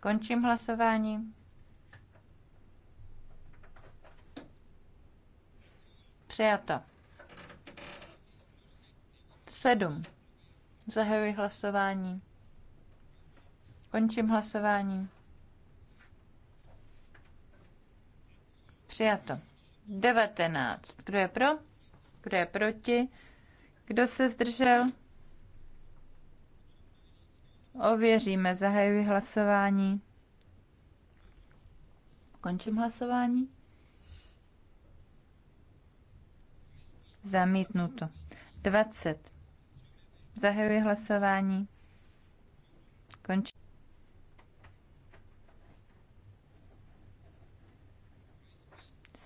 Končím hlasování. Přijato. Sedm. Zahajuji hlasování. Končím hlasování. Přijato. 19. Kdo je pro? Kdo je proti? Kdo se zdržel? Ověříme, zahajuji hlasování. Končím hlasování. Zamítnuto. 20. Zahajuji hlasování. Končím.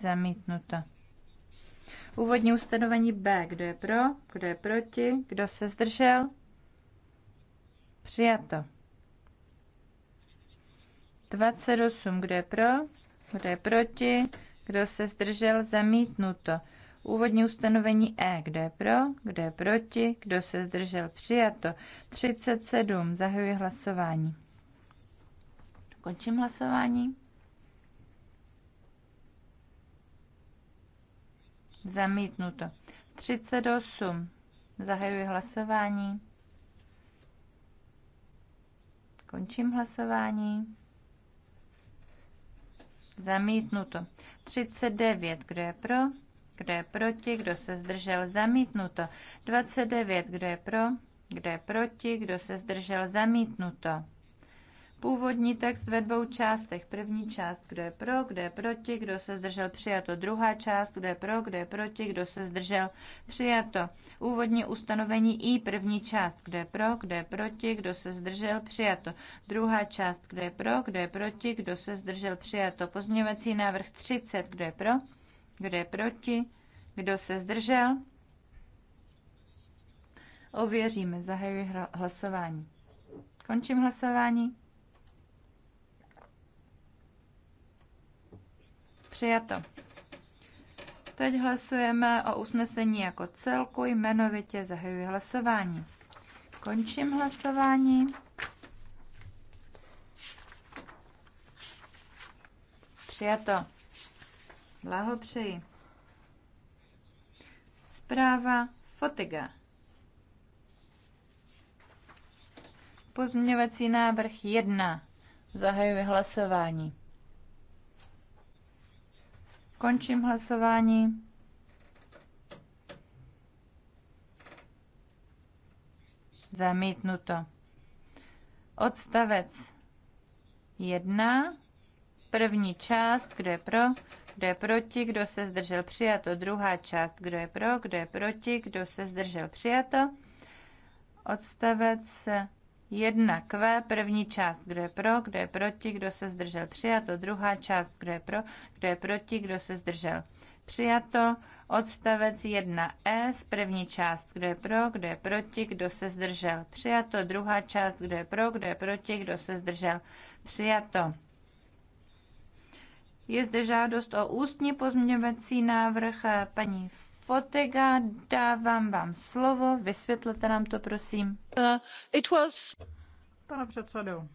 Zamítnuto. Úvodní ustanovení B. Kdo je pro? Kdo je proti? Kdo se zdržel? Přijato. 28, kdo je pro, kdo je proti, kdo se zdržel, zamítnuto. Úvodní ustanovení E, kdo je pro, kdo je proti, kdo se zdržel, přijato. 37, zahajuji hlasování. Končím hlasování. Zamítnuto. 38, zahajuji hlasování. Končím hlasování. Zamítnuto. 39. Kdo je pro? Kdo je proti? Kdo se zdržel? Zamítnuto. 29. Kdo je pro? Kdo je proti? Kdo se zdržel? Zamítnuto. Původní text ve dvou částech. První část, kdo je pro, kdo je proti, kdo se zdržel přijato. Druhá část, kdo je pro, kdo je proti, kdo se zdržel přijato. Úvodní ustanovení I, první část, kdo je pro, kdo je proti, kdo se zdržel přijato. Druhá část, kdo je pro, kdo je proti, kdo se zdržel přijato. Pozměňovací návrh 30, kdo je pro, kdo je proti, kdo se zdržel. Ověříme, zahajuji hlasování. Končím hlasování. Přijato. Teď hlasujeme o usnesení jako celku, jmenovitě zahajuji hlasování. Končím hlasování. Přijato. Blahopřeji. Zpráva Fotiga. Pozměňovací návrh 1. Zahajuji hlasování. Končím hlasování. Zamítnuto. Odstavec 1. První část, kdo je pro, kdo je proti, kdo se zdržel přijato. Druhá část, kdo je pro, kdo je proti, kdo se zdržel přijato. Odstavec jedna q první část, kdo je pro, kdo je proti, kdo se zdržel, přijato. Druhá část, kdo je pro, kdo je proti, kdo se zdržel, přijato. Odstavec 1S, první část, kdo je pro, kdo je proti, kdo se zdržel, přijato. Druhá část, kdo je pro, kdo je proti, kdo se zdržel, přijato. Je zde žádost o ústní pozměňovací návrh eh, paní Fotega, dávám vám slovo, vysvětlete nám to, prosím. Uh, it was... Pane předsedu,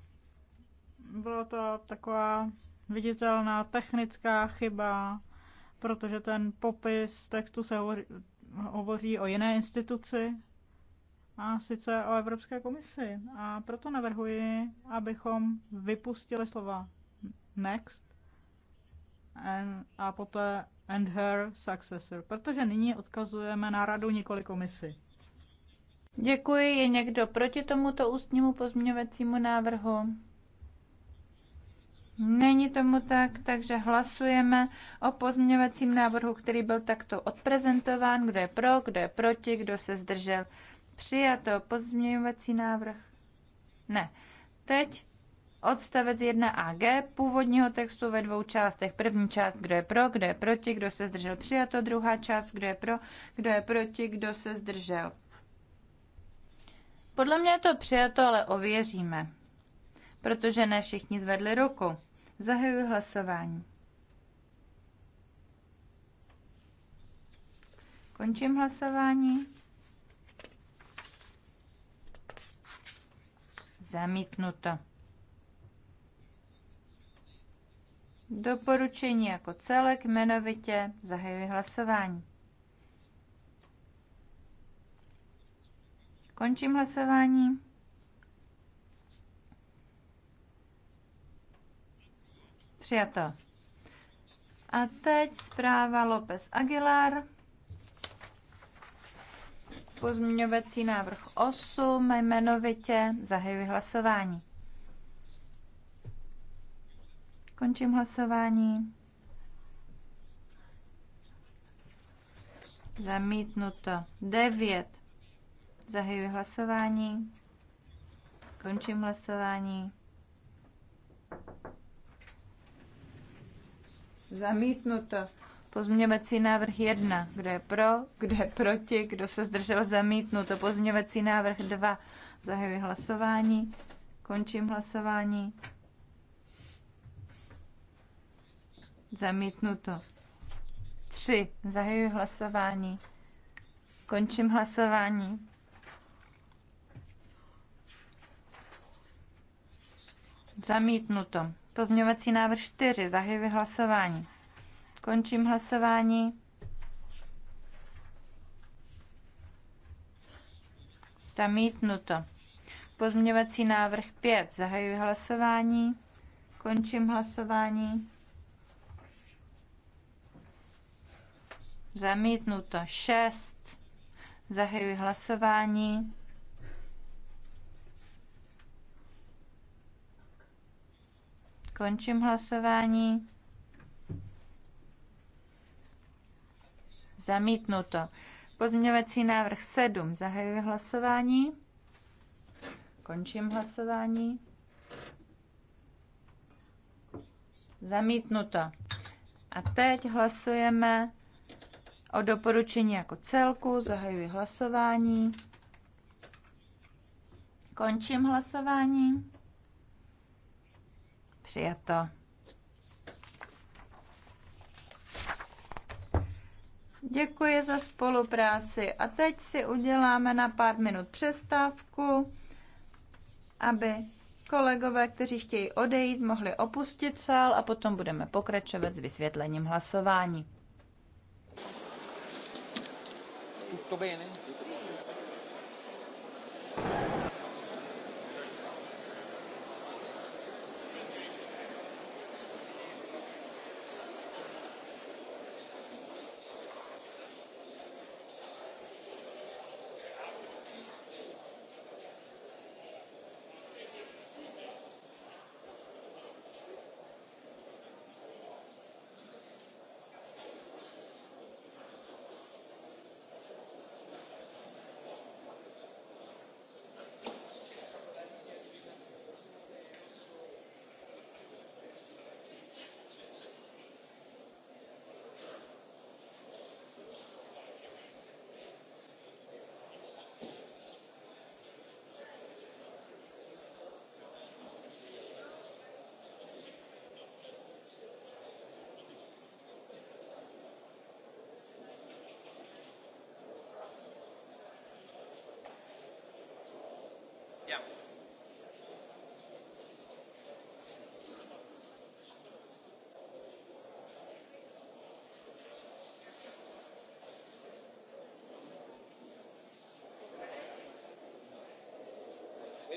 byla to taková viditelná technická chyba, protože ten popis textu se hovoří, hovoří o jiné instituci, a sice o Evropské komisi. A proto navrhuji, abychom vypustili slova next and, a poté and her successor, protože nyní odkazujeme na radu několik komisí. Děkuji. Je někdo proti tomuto ústnímu pozměňovacímu návrhu? Není tomu tak, takže hlasujeme o pozměňovacím návrhu, který byl takto odprezentován. Kdo je pro, kdo je proti, kdo se zdržel? Přijato pozměňovací návrh? Ne. Teď odstavec 1AG původního textu ve dvou částech. První část, kdo je pro, kdo je proti, kdo se zdržel přijato, druhá část, kdo je pro, kdo je proti, kdo se zdržel. Podle mě je to přijato, ale ověříme, protože ne všichni zvedli ruku. Zahajuji hlasování. Končím hlasování. Zamítnuto. Doporučení jako celek jmenovitě zahajuji hlasování. Končím hlasování. Přijato. A teď zpráva López Aguilar. Pozměňovací návrh 8 jmenovitě zahajuji hlasování. Končím hlasování. Zamítnuto. 9. Zahajuji hlasování. Končím hlasování. Zamítnuto. Pozměňovací návrh 1. Kdo je pro? Kdo je proti? Kdo se zdržel? Zamítnuto. Pozměňovací návrh 2. Zahajuji hlasování. Končím hlasování. Zamítnuto. 3. Zahajuji hlasování. Končím hlasování. Zamítnuto. Pozměňovací návrh 4. Zahajuji hlasování. Končím hlasování. Zamítnuto. Pozměňovací návrh 5. Zahajuji hlasování. Končím hlasování. Zamítnuto 6. Zahajuji hlasování. Končím hlasování. Zamítnuto. Pozměňovací návrh 7. Zahajuji hlasování. Končím hlasování. Zamítnuto. A teď hlasujeme o doporučení jako celku. Zahajuji hlasování. Končím hlasování. Přijato. Děkuji za spolupráci a teď si uděláme na pár minut přestávku, aby kolegové, kteří chtějí odejít, mohli opustit sál a potom budeme pokračovat s vysvětlením hlasování. fatto bene?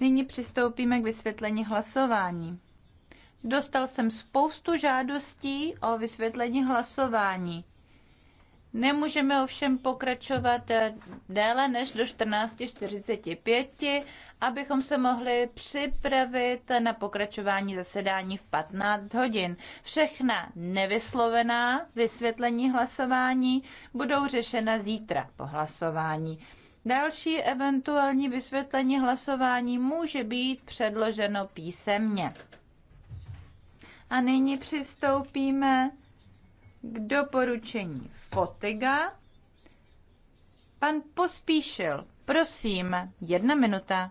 Nyní přistoupíme k vysvětlení hlasování. Dostal jsem spoustu žádostí o vysvětlení hlasování. Nemůžeme ovšem pokračovat eh, déle než do 14.45 abychom se mohli připravit na pokračování zasedání v 15 hodin. Všechna nevyslovená vysvětlení hlasování budou řešena zítra po hlasování. Další eventuální vysvětlení hlasování může být předloženo písemně. A nyní přistoupíme k doporučení Fotiga. Pan Pospíšil, prosím, jedna minuta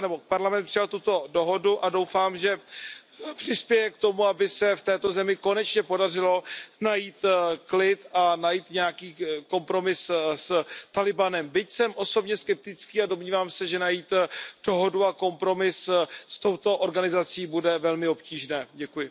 nebo parlament přijal tuto dohodu a doufám že přispěje k tomu aby se v této zemi konečně podařilo najít eh, klid a najít nějaký eh, kompromis eh, s tálibánem byť jsem osobně skeptický a domnívám se že najít dohodu a kompromis s touto organizací bude velmi obtížné. děkuji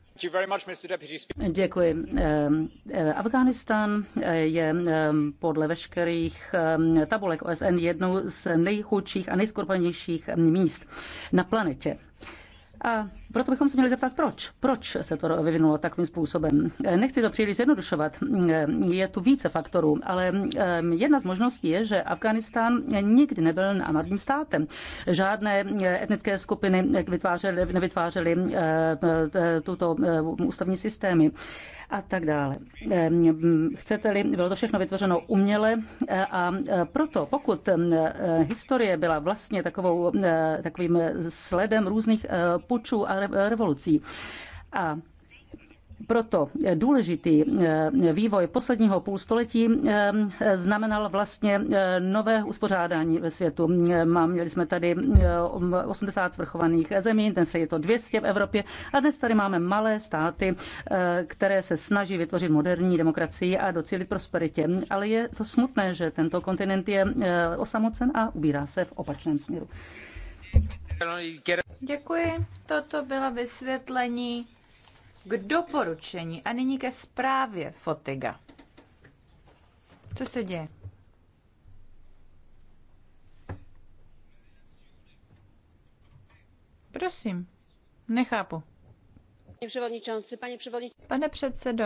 Ehm, eh, Afghánistán eh, je ehm, podle veškerých ehm, tabulek OSN jednou z nejchudších a nejskorpanějších míst na planetě. A proto bychom se měli zeptat, proč. Proč se to vyvinulo takovým způsobem? Eh, nechci to příliš zjednodušovat. Eh, je tu více faktorů, ale eh, jedna z možností je, že Afganistán nikdy nebyl národním státem. Žádné etnické skupiny vytvářely, nevytvářely tuto ústavní systémy a tak dále. Chcete-li, bylo to všechno vytvořeno uměle a proto, pokud historie byla vlastně takovou, takovým sledem různých pučů a revolucí. A proto důležitý eh, vývoj posledního půlstoletí eh, znamenal vlastně eh, nové uspořádání ve světu. Měli jsme tady 80 svrchovaných zemí, dnes je to 200 v Evropě a dnes tady máme malé státy, které se snaží vytvořit moderní demokracii a docílit prosperitě. Ale je to smutné, že tento kontinent je osamocen a ubírá se v opačném směru. Děkuji. Toto bylo vysvětlení k doporučení a nyní ke zprávě Fotiga. Co se děje? Prosím, nechápu. Pane předsedo,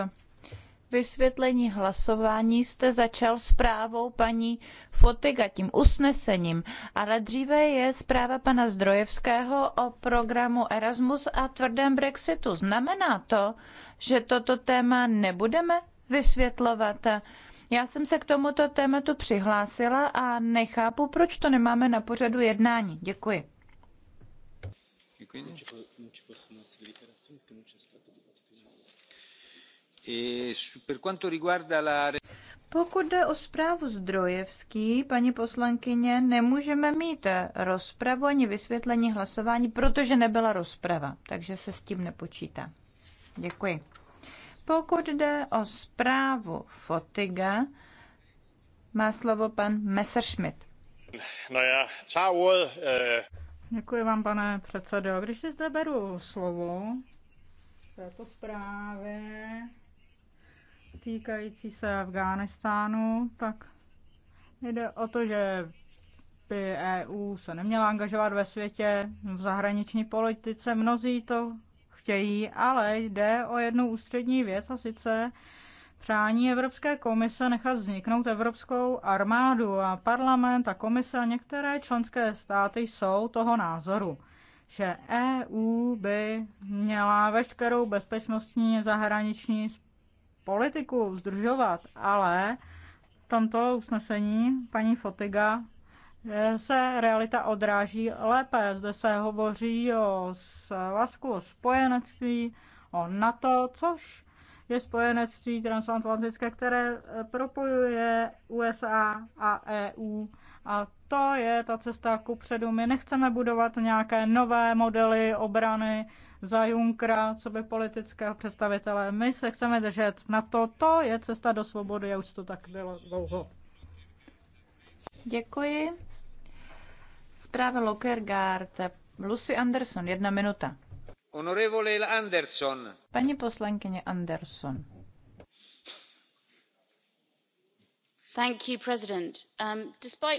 vysvětlení hlasování jste začal zprávou paní Fotyga tím usnesením, ale dříve je zpráva pana Zdrojevského o programu Erasmus a tvrdém Brexitu. Znamená to, že toto téma nebudeme vysvětlovat? Já jsem se k tomuto tématu přihlásila a nechápu, proč to nemáme na pořadu jednání. Děkuji. Děkuji. E Pokud jde o zprávu Zdrojevský, paní poslankyně, nemůžeme mít rozpravu ani vysvětlení hlasování, protože nebyla rozprava, takže se s tím nepočítá. Děkuji. Pokud jde o zprávu Fotiga, má slovo pan Messerschmidt. No já, čau, Uh... Děkuji vám, pane předsedo. Když si zde beru slovo této zprávě, týkající se Afghánistánu, tak jde o to, že by EU se neměla angažovat ve světě, v zahraniční politice. Mnozí to chtějí, ale jde o jednu ústřední věc a sice přání Evropské komise nechat vzniknout Evropskou armádu a parlament a komise a některé členské státy jsou toho názoru, že EU by měla veškerou bezpečnostní zahraniční politiku združovat, ale v tomto usnesení paní Fotiga eh, se realita odráží lépe. Zde se hovoří o svazku, o spojenectví, o NATO, což je spojenectví transatlantické, které eh, propojuje USA a EU. A to je ta cesta ku předu. My nechceme budovat nějaké nové modely obrany, za Junkra, co by politického představitele. My se chceme držet na to, to je cesta do svobody a už to tak bylo dlouho. Děkuji. Zpráva Lockergaard, Lucy Anderson, jedna minuta. Honorevole Anderson. Paní poslankyně Anderson. Um,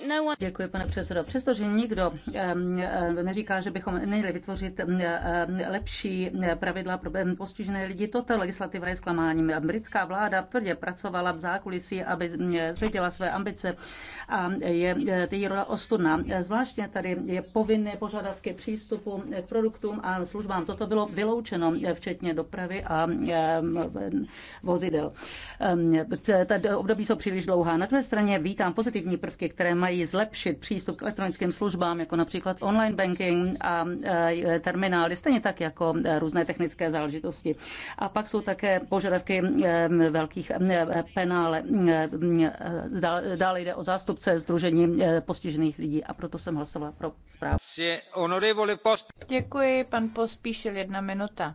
no Děkuji, pane předsedající Přestože nikdo um, um, neříká, že bychom neměli vytvořit lepší pravidla pro postižené lidi, toto legislativa je zklamáním. Britská vláda tvrdě pracovala v zákulisí, aby zředila své ambice a je uh, její role ostudná. Zvláštně tady je povinné požadavky přístupu k produktům a službám. Toto bylo vyloučeno, včetně dopravy a vozidel. Ta období jsou příliš dlouhá na druhé straně vítám pozitivní prvky, které mají zlepšit přístup k elektronickým službám, jako například online banking a e, terminály, stejně tak jako e, různé technické záležitosti. A pak jsou také požadavky e, velkých penále. Dále jde o zástupce Združení postižených lidí a proto jsem hlasovala pro zprávu. Děkuji, pan Pospíšil, jedna minuta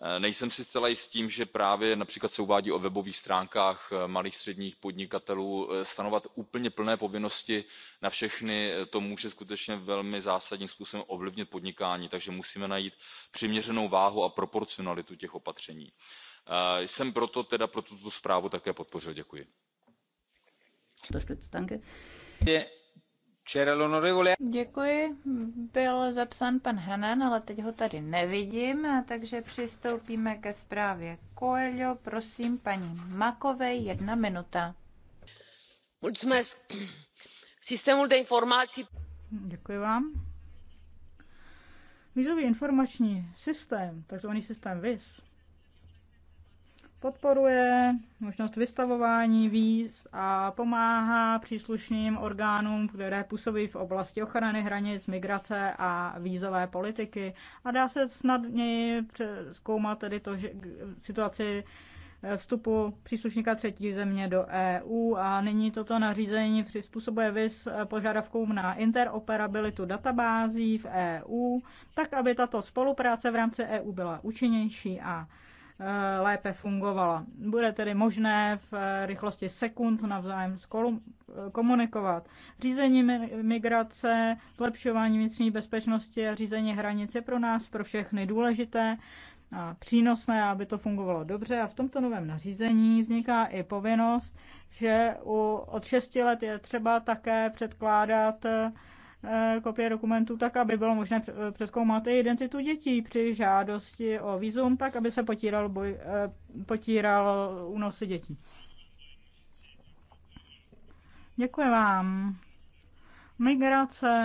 Eh, nejsem si zcela jist tím že právě například se uvádí o webových stránkách eh, malých a středních podnikatelů eh, stanovovat úplně plné povinnosti na všechny to může skutečně velmi zásadním způsobem ovlivnit podnikání takže musíme najít přiměřenou váhu a proporcionalitu těch opatření. jsem proto tuto zprávu také podpořil. děkuji. Děkuji. Byl zapsán pan Hanan, ale teď ho tady nevidím, takže přistoupíme ke zprávě Coelho. Prosím, paní Makové, jedna minuta. informací. Děkuji vám. Vízový informační systém, takzvaný systém VIS, podporuje možnost vystavování víz a pomáhá příslušným orgánům, které působí v oblasti ochrany hranic, migrace a vízové politiky. A dá se snadněji zkoumat tedy to, že situaci eh, vstupu příslušníka třetí země do EU a nyní toto nařízení přizpůsobuje VIS eh, požadavkům na interoperabilitu databází v EU, tak aby tato spolupráce v rámci EU byla účinnější a Eh, lépe fungovala. Bude tedy možné v eh, rychlosti sekund navzájem eh, komunikovat. Řízení migrace, zlepšování vnitřní bezpečnosti a řízení hranic je pro nás, pro všechny důležité a přínosné, aby to fungovalo dobře. A v tomto novém nařízení vzniká i povinnost, že u, od 6 let je třeba také předkládat Eh, kopie dokumentů, tak aby bylo možné přeskoumat eh, i identitu dětí při žádosti o výzum, tak aby se potíral boj, eh, potíral únosy dětí. Děkuji vám. Migrace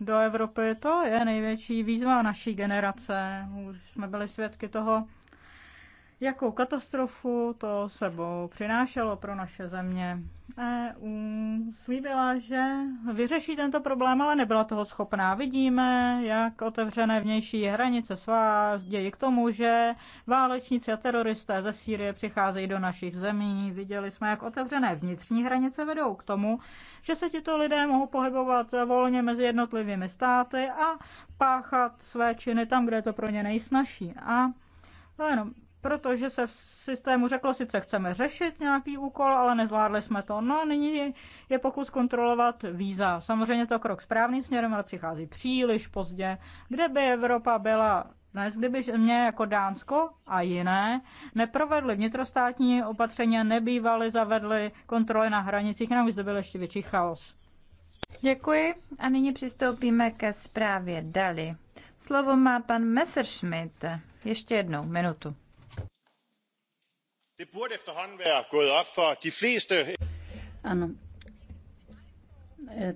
do Evropy, to je největší výzva naší generace. Už jsme byli svědky toho, jakou katastrofu to sebou přinášelo pro naše země. EU slíbila, že vyřeší tento problém, ale nebyla toho schopná. Vidíme, jak otevřené vnější hranice svá dějí k tomu, že válečníci a teroristé ze Sýrie přicházejí do našich zemí. Viděli jsme, jak otevřené vnitřní hranice vedou k tomu, že se tito lidé mohou pohybovat volně mezi jednotlivými státy a páchat své činy tam, kde je to pro ně nejsnažší. A to jenom protože se v systému řeklo, sice chceme řešit nějaký úkol, ale nezvládli jsme to. No, nyní je pokus kontrolovat víza. Samozřejmě to krok správným směrem, ale přichází příliš pozdě. Kde by Evropa byla dnes, kdyby mě jako Dánsko a jiné neprovedly vnitrostátní opatření, nebývaly, zavedly kontroly na hranicích, navíc by byl ještě větší chaos. Děkuji a nyní přistoupíme ke zprávě Dali. Slovo má pan Messerschmidt. Ještě jednou minutu. Ano.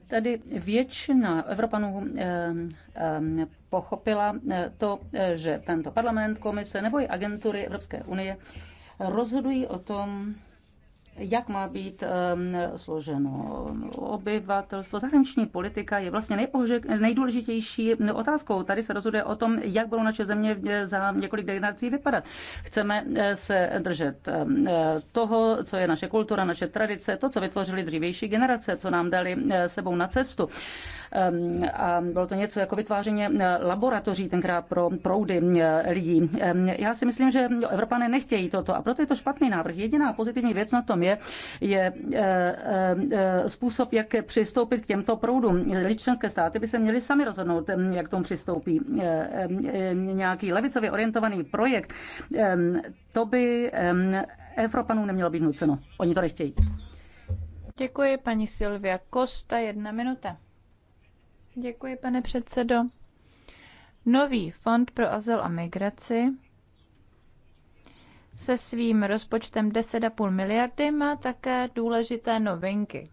Tady většina Evropanů eh, eh, pochopila eh, to, že tento parlament, komise nebo i agentury Evropské unie rozhodují o tom, jak má být ehm, složeno obyvatelstvo. Zahraniční politika je vlastně nejdůležitější otázkou. Tady se rozhoduje o tom, jak budou naše země za několik generací vypadat. Chceme eh, se držet ehm, eh, toho, co je naše kultura, naše tradice, to, co vytvořili dřívější generace, co nám dali eh, sebou na cestu. Ehm, a bylo to něco jako vytváření eh, laboratoří tenkrát pro proudy eh, lidí. Ehm, já si myslím, že Evropané nechtějí toto a proto je to špatný návrh. Jediná pozitivní věc na tom je, je eh, způsob, jak přistoupit k těmto proudům. Členské státy by se měly sami rozhodnout, ehm, jak tomu přistoupí. Nějaký levicově orientovaný projekt, to by Evropanům nemělo být nuceno. Oni to nechtějí. Děkuji, paní Silvia Kosta, jedna minuta. Děkuji, pane předsedo. Nový fond pro azyl a migraci se svým rozpočtem 10,5 miliardy má také důležité novinky.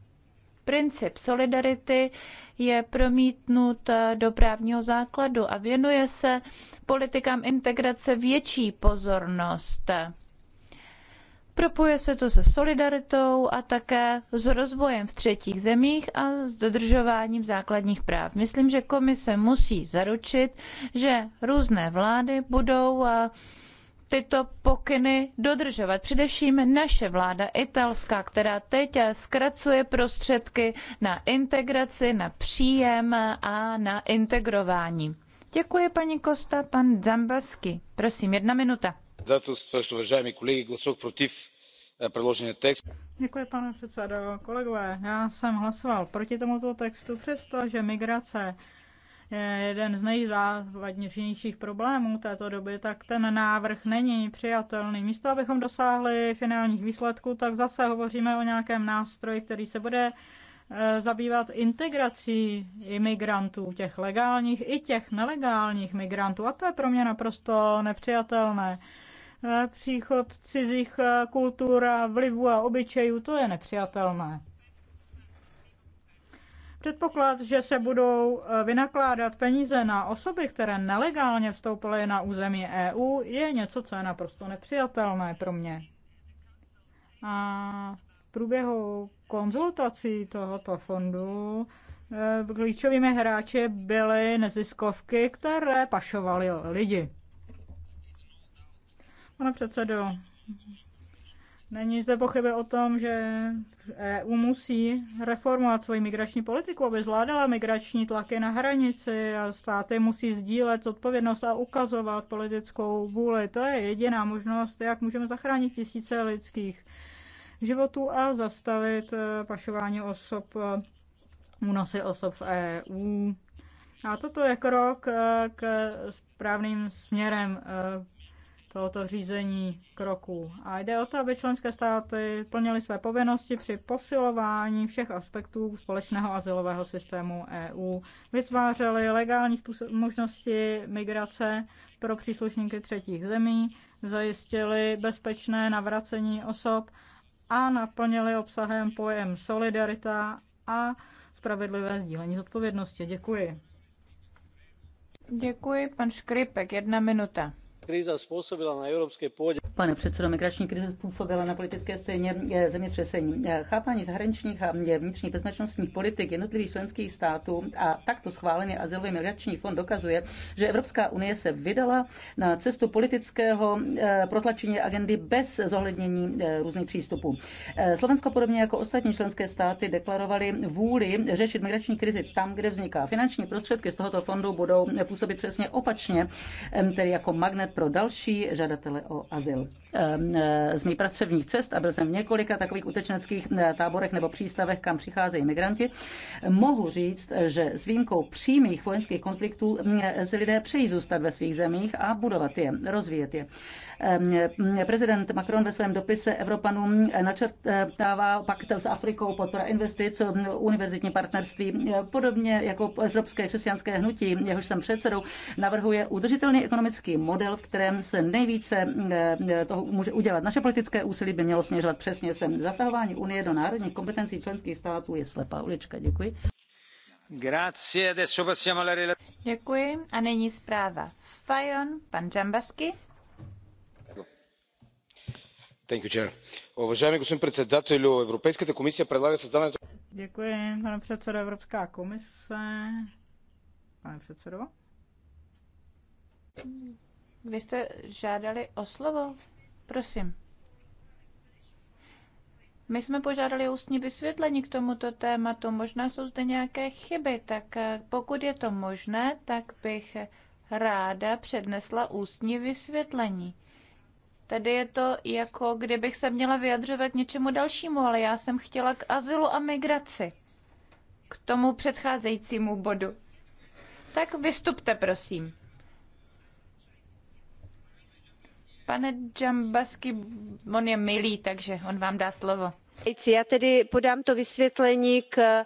Princip solidarity je promítnut do právního základu a věnuje se politikám integrace větší pozornost Propuje se to se solidaritou a také s rozvojem v třetích zemích a s dodržováním základních práv. Myslím, že komise musí zaručit, že různé vlády budou eh, tyto pokyny dodržovat. Především naše vláda italská, která teď zkracuje prostředky na integraci, na příjem a na integrování. Děkuji paní Kosta, pan Zambasky. Prosím, jedna minuta. Э, Děkuji, pane předsedající, Kolegové, já jsem hlasoval proti tomuto textu, přestože migrace je jeden z nejzávadnějších problémů této doby, tak ten návrh není přijatelný. Místo, abychom dosáhli finálních výsledků, tak zase hovoříme o nějakém nástroji, který se bude eh, zabývat integrací imigrantů, těch legálních i těch nelegálních migrantů. A to je pro mě naprosto nepřijatelné. Eh, příchod cizích eh, kultur a vlivů a obyčejů, to je nepřijatelné. Předpoklad, že se budou eh, vynakládat peníze na osoby, které nelegálně vstoupily na území EU, je něco, co je naprosto nepřijatelné pro mě. A v průběhu konzultací tohoto fondu klíčovými hráči byly neziskovky, které pašovaly lidi. Pane předsedo, není zde pochyby o tom, že EU musí reformovat svoji migrační politiku, aby zvládala migrační tlaky na hranici a státy musí sdílet odpovědnost a ukazovat politickou vůli. To je jediná možnost, jak můžeme zachránit tisíce lidských životů a zastavit eh, pašování osob, eh, únosy osob v EU. A toto je krok eh, k správným směrem tohoto řízení kroků. A jde o to, aby členské státy plnily své povinnosti při posilování všech aspektů společného asilového systému EU, vytvářely legální způsob, možnosti migrace pro příslušníky třetích zemí, zajistili bezpečné navracení osob a naplnili obsahem pojem solidarita a spravedlivé sdílení zodpovědnosti. Děkuji. Děkuji, pan Škripek, jedna minuta kríza způsobila na evropské půdě. Pane předsedo, migrační krize způsobila na politické scéně eh, zemětřesení. Eh, chápání zahraničních a eh, vnitřních bezpečnostních politik jednotlivých členských států a takto schválený azylový migrační fond dokazuje, že Evropská unie se vydala na cestu politického protlačení agendy bez zohlednění různých přístupů. Slovensko podobně jako ostatní členské státy deklarovali vůli řešit migrační krizi tam, kde vzniká. Finanční prostředky z tohoto fondu budou působit přesně opačně, tedy jako magnet pro další žadatele o azyl. Ehm, e, Z mých pracovních cest, a byl jsem v několika takových utečeneckých e, táborech nebo přístavech, kam přicházejí migranti, mohu říct, že s výjimkou přímých vojenských konfliktů se lidé přejí zůstat ve svých zemích a budovat je, rozvíjet je. Ehm, prezident Macron ve svém dopise Evropanům eh, načrtává pakt s Afrikou, podpora investic, eh, univerzitní partnerství. Eh, podobně jako Evropské křesťanské hnutí, jehož jsem předsedou, navrhuje udržitelný ekonomický model, v kterém se nejvíce toho může udělat. Naše politické úsilí by mělo směřovat přesně sem. Zasahování Unie do národních kompetencí členských států je slepá ulička. Děkuji. Děkuji. A nyní zpráva Fajon, pan Džambasky. Děkuji, pane předsedo. Evropská komise. Pane předsedo. Vy jste žádali o slovo. Prosím. My jsme požádali ústní vysvětlení k tomuto tématu. Možná jsou zde nějaké chyby, tak eh, pokud je to možné, tak bych ráda přednesla ústní vysvětlení. Tady je to jako kdybych se měla vyjadřovat něčemu dalšímu, ale já jsem chtěla k azylu a migraci. K tomu předcházejícímu bodu. Tak vystupte, prosím. Pane Džambasky, on je milý, takže on vám dá slovo. Já tedy podám to vysvětlení k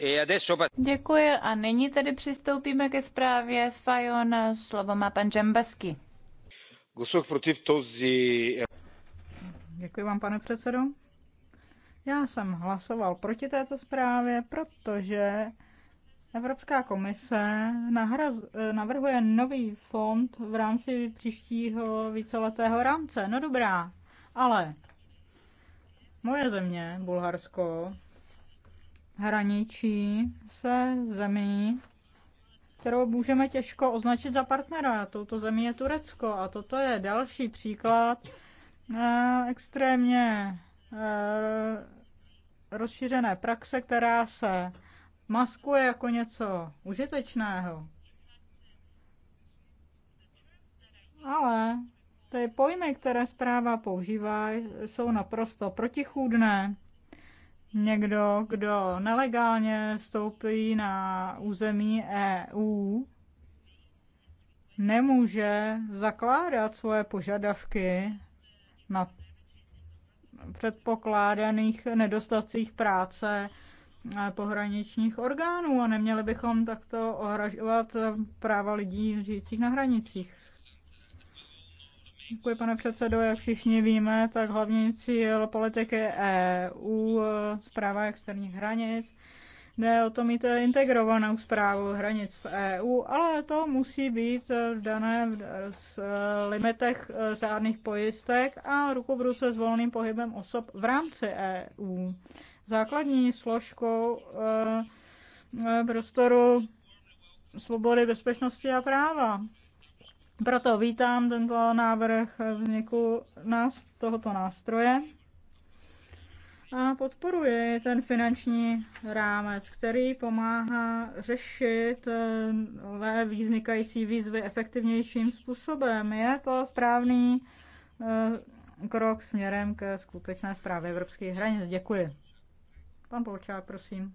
E Děkuji a nyní tedy přistoupíme ke zprávě Fajon. Slovo má pan Džambasky. Děkuji vám, pane předsedo. Já jsem hlasoval proti této zprávě, protože Evropská komise nahraz, navrhuje nový fond v rámci příštího víceletého rámce. No dobrá, ale moje země, Bulharsko, hraničí se zemí, kterou můžeme těžko označit za partnera. Touto zemí je Turecko a toto je další příklad eh, extrémně eh, rozšířené praxe, která se maskuje jako něco užitečného. Ale ty pojmy, které zpráva používá, jsou naprosto protichůdné někdo, kdo nelegálně vstoupí na území EU, nemůže zakládat svoje požadavky na předpokládaných nedostacích práce pohraničních orgánů a neměli bychom takto ohražovat práva lidí žijících na hranicích. Děkuji, pane předsedo. Jak všichni víme, tak hlavní cíl politiky EU, zpráva externích hranic, jde o to mít integrovanou zprávu hranic v EU, ale to musí být dané v limitech řádných pojistek a ruku v ruce s volným pohybem osob v rámci EU. Základní složkou eh, eh, prostoru svobody, bezpečnosti a práva. Proto vítám tento návrh vzniku nás, tohoto nástroje a podporuji ten finanční rámec, který pomáhá řešit eh, vznikající výzvy efektivnějším způsobem. Je to správný eh, krok směrem ke skutečné zprávě evropských hranic. Děkuji. Pan Polčák, prosím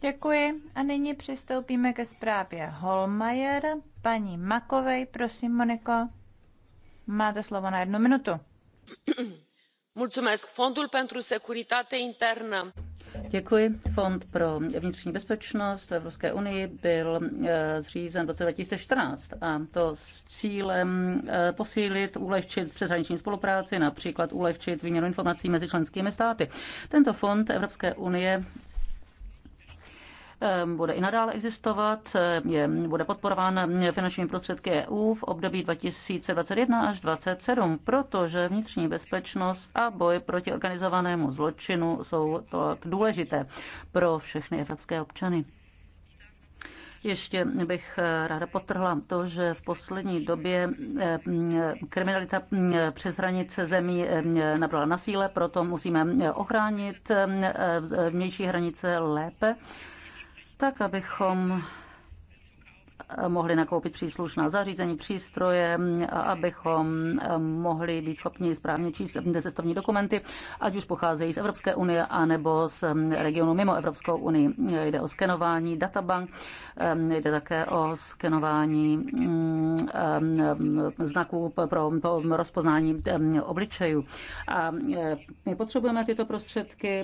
Děkuji a nyní přistoupíme ke zprávě Holmeier. Paní Makovej, prosím, Moniko, máte slovo na jednu minutu. Fondul pentru securitate internă Děkuji. Fond pro vnitřní bezpečnost v Evropské unii byl eh, zřízen v roce 2014 a to s cílem eh, posílit, ulehčit přeshraniční spolupráci, například ulehčit výměnu informací mezi členskými státy. Tento fond Evropské unie Ehm, bude i nadále existovat, ehm, je, bude podporován ehm, finančními prostředky EU v období 2021 až 2027, protože vnitřní bezpečnost a boj proti organizovanému zločinu jsou tak důležité pro všechny evropské občany. Ještě bych eh, ráda potrhla to, že v poslední době kriminalita přes hranice zemí nabrala na síle, proto musíme eh, ochránit eh, vnější hranice lépe tak abychom mohli nakoupit příslušná zařízení, přístroje, abychom mohli být schopni správně číst cestovní dokumenty, ať už pocházejí z Evropské unie anebo z regionu mimo Evropskou unii. Jde o skenování databank, jde také o skenování mm, mm, znaků pro rozpoznání mm, obličejů. A e, my potřebujeme tyto prostředky,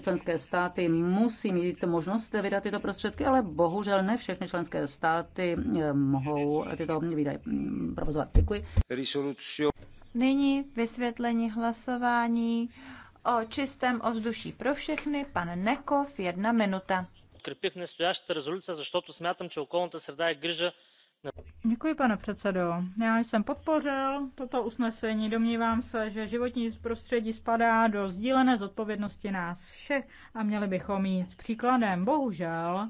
členské státy musí mít možnost vydat tyto prostředky, ale bohužel ne všechny členské státy státy eh, mohou tyto výdaje mm, provozovat. Děkuji. Nyní vysvětlení hlasování o čistém ovzduší pro všechny. Pan Nekov, jedna minuta. Děkuji, pane předsedo. Já jsem podpořil toto usnesení. Domnívám se, že životní prostředí spadá do sdílené zodpovědnosti nás všech a měli bychom jít příkladem. Bohužel,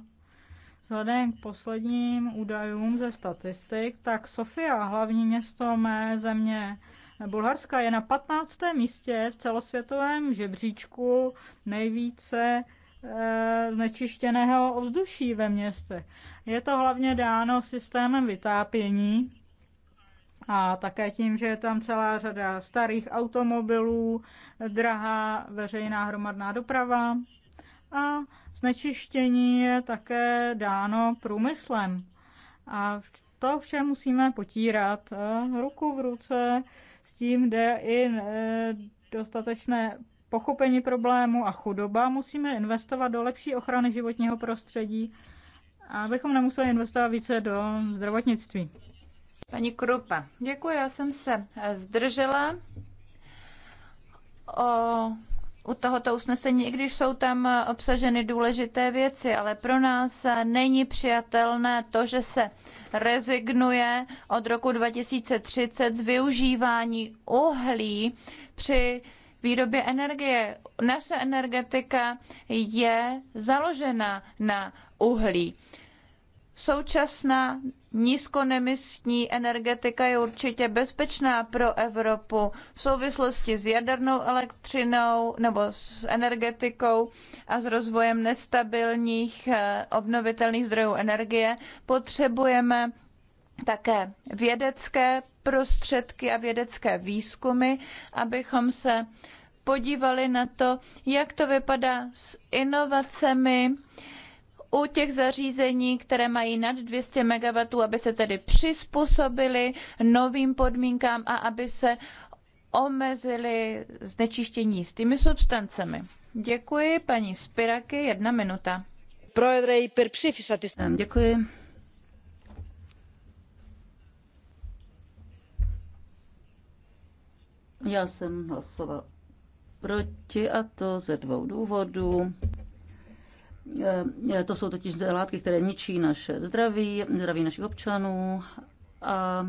Vzhledem k posledním údajům ze statistik, tak Sofia, hlavní město mé země Bulharska, je na 15. místě v celosvětovém žebříčku nejvíce eh, znečištěného ovzduší ve městě. Je to hlavně dáno systémem vytápění a také tím, že je tam celá řada starých automobilů, drahá veřejná hromadná doprava a Znečištění je také dáno průmyslem. A to vše musíme potírat eh, ruku v ruce s tím, jde i eh, dostatečné pochopení problému a chudoba. Musíme investovat do lepší ochrany životního prostředí, abychom nemuseli investovat více do zdravotnictví. Paní Krupa, děkuji, já jsem se eh, zdržela. O u tohoto usnesení, i když jsou tam obsaženy důležité věci, ale pro nás není přijatelné to, že se rezignuje od roku 2030 z využívání uhlí při výrobě energie. Naše energetika je založena na uhlí. Současná Nízkonemistní energetika je určitě bezpečná pro Evropu v souvislosti s jadernou elektřinou nebo s energetikou a s rozvojem nestabilních eh, obnovitelných zdrojů energie. Potřebujeme také vědecké prostředky a vědecké výzkumy, abychom se podívali na to, jak to vypadá s inovacemi, u těch zařízení, které mají nad 200 MW, aby se tedy přizpůsobili novým podmínkám a aby se omezili znečištění s těmi substancemi. Děkuji, paní Spiraky, jedna minuta. Děkuji. Já jsem hlasoval proti a to ze dvou důvodů. Eh, to jsou totiž látky, které ničí naše zdraví, zdraví našich občanů a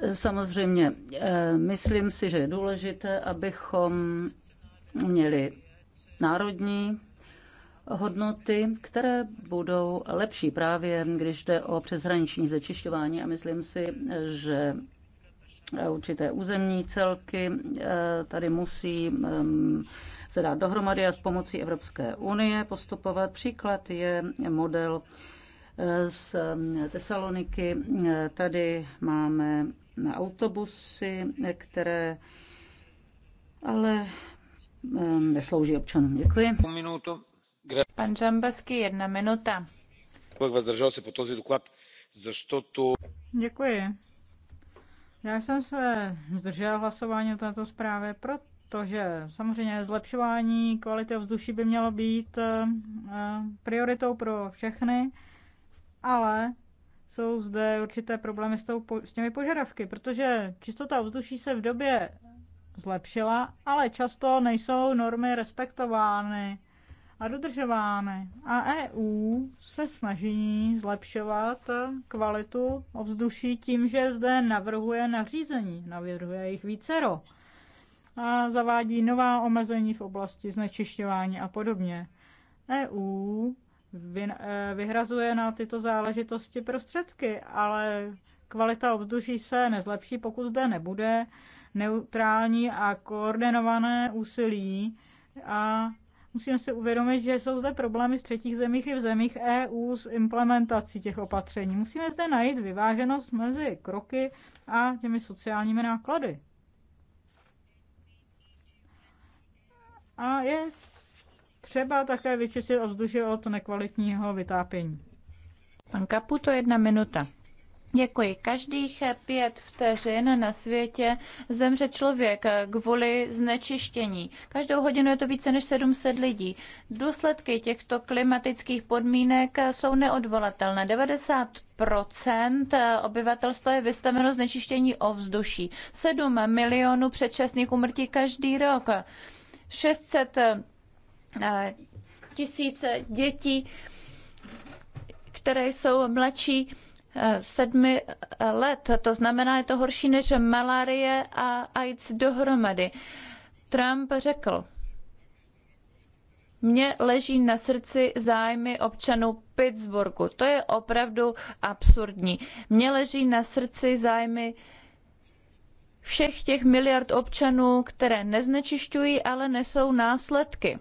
eh, Samozřejmě, eh, myslím si, že je důležité, abychom měli národní hodnoty, které budou lepší právě, když jde o přeshraniční zečišťování. a myslím si, že Eh, určité územní celky eh, tady musí eh, se dát dohromady a s pomocí Evropské unie postupovat. Příklad je model z Tesaloniky. Tady máme autobusy, které ale neslouží občanům. Děkuji. Pan Žambasky, jedna minuta. Pak vás se po този doklad, защото... Děkuji. Já jsem se zdržel hlasování o této zprávě, protože samozřejmě zlepšování kvality ovzduší by mělo být eh, prioritou pro všechny, ale jsou zde určité problémy s, tou, s těmi požadavky, protože čistota ovzduší se v době zlepšila, ale často nejsou normy respektovány a dodržovány. A EU se snaží zlepšovat kvalitu ovzduší tím, že zde navrhuje nařízení, navrhuje jich vícero a zavádí nová omezení v oblasti znečišťování a podobně. EU e, vyhrazuje na tyto záležitosti prostředky, ale kvalita ovzduší se nezlepší, pokud zde nebude neutrální a koordinované úsilí a Musíme si uvědomit, že jsou zde problémy v třetích zemích i v zemích EU s implementací těch opatření. Musíme zde najít vyváženost mezi kroky a těmi sociálními náklady. A je třeba také vyčistit ovzduše od nekvalitního vytápění. Pan Kaputo, jedna minuta. Děkuji. Každých pět vteřin na světě zemře člověk kvůli znečištění. Každou hodinu je to více než 700 lidí. Důsledky těchto klimatických podmínek jsou neodvolatelné. 90 obyvatelstva je vystaveno znečištění ovzduší. 7 milionů předčasných umrtí každý rok. 600 eh, tisíce dětí, které jsou mladší sedmi let. To znamená, je to horší než malárie a AIDS dohromady. Trump řekl, mně leží na srdci zájmy občanů Pittsburghu. To je opravdu absurdní. Mně leží na srdci zájmy všech těch miliard občanů, které neznečišťují, ale nesou následky.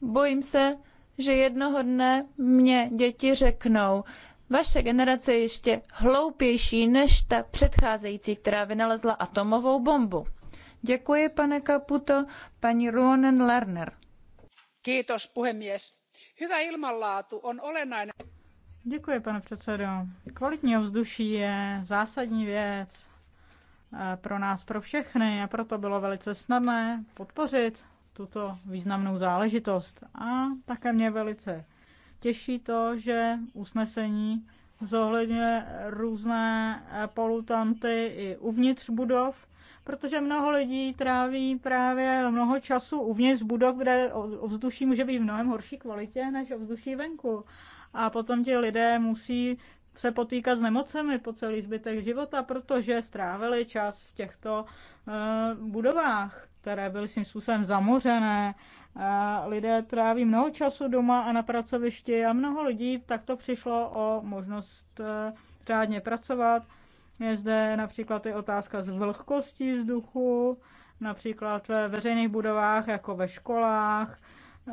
Bojím se, že jednoho dne mě děti řeknou, vaše generace je ještě hloupější než ta předcházející, která vynalezla atomovou bombu. Děkuji, pane Kaputo, paní Ruonen Lerner. Kýtos, puhemies. Hyvä ilmanlátu on olennainen. Děkuji, pane předsedo. Kvalitní ovzduší je zásadní věc eh, pro nás, pro všechny a proto bylo velice snadné podpořit tuto významnou záležitost. A také mě velice těší to, že usnesení zohledňuje různé polutanty i uvnitř budov, protože mnoho lidí tráví právě mnoho času uvnitř budov, kde ovzduší může být v mnohem horší kvalitě než ovzduší venku. A potom ti lidé musí se potýkat s nemocemi po celý zbytek života, protože strávili čas v těchto uh, budovách které byly svým způsobem zamořené. Lidé tráví mnoho času doma a na pracovišti a mnoho lidí takto přišlo o možnost eh, řádně pracovat. Je zde například i otázka z vlhkosti vzduchu, například ve veřejných budovách, jako ve školách, eh,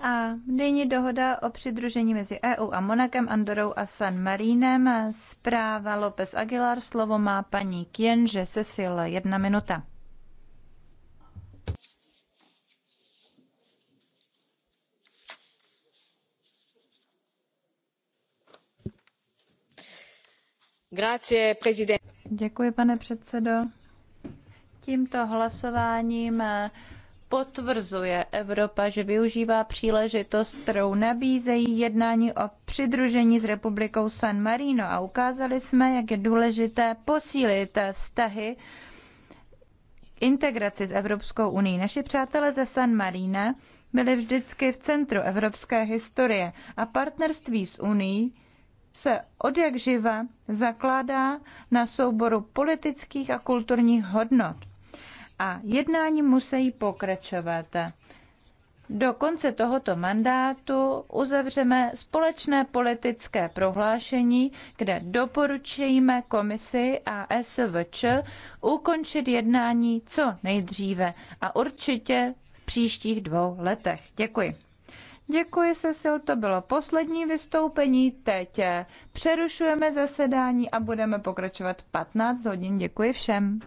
a nyní dohoda o přidružení mezi EU a Monakem, Andorou a San Marínem. Zpráva López Aguilar, slovo má paní Kienže Cecil, jedna minuta. Děkuji, pane předsedo. Tímto hlasováním potvrzuje Evropa, že využívá příležitost, kterou nabízejí jednání o přidružení s republikou San Marino a ukázali jsme, jak je důležité posílit vztahy k integraci s Evropskou unii. Naši přátelé ze San Marina byli vždycky v centru evropské historie a partnerství s Unii se od jak živa zakládá na souboru politických a kulturních hodnot a jednání musí pokračovat. Do konce tohoto mandátu uzavřeme společné politické prohlášení, kde doporučujeme komisi a SVČ ukončit jednání co nejdříve a určitě v příštích dvou letech. Děkuji. Děkuji, Cecil, to bylo poslední vystoupení. Teď přerušujeme zasedání a budeme pokračovat 15 hodin. Děkuji všem.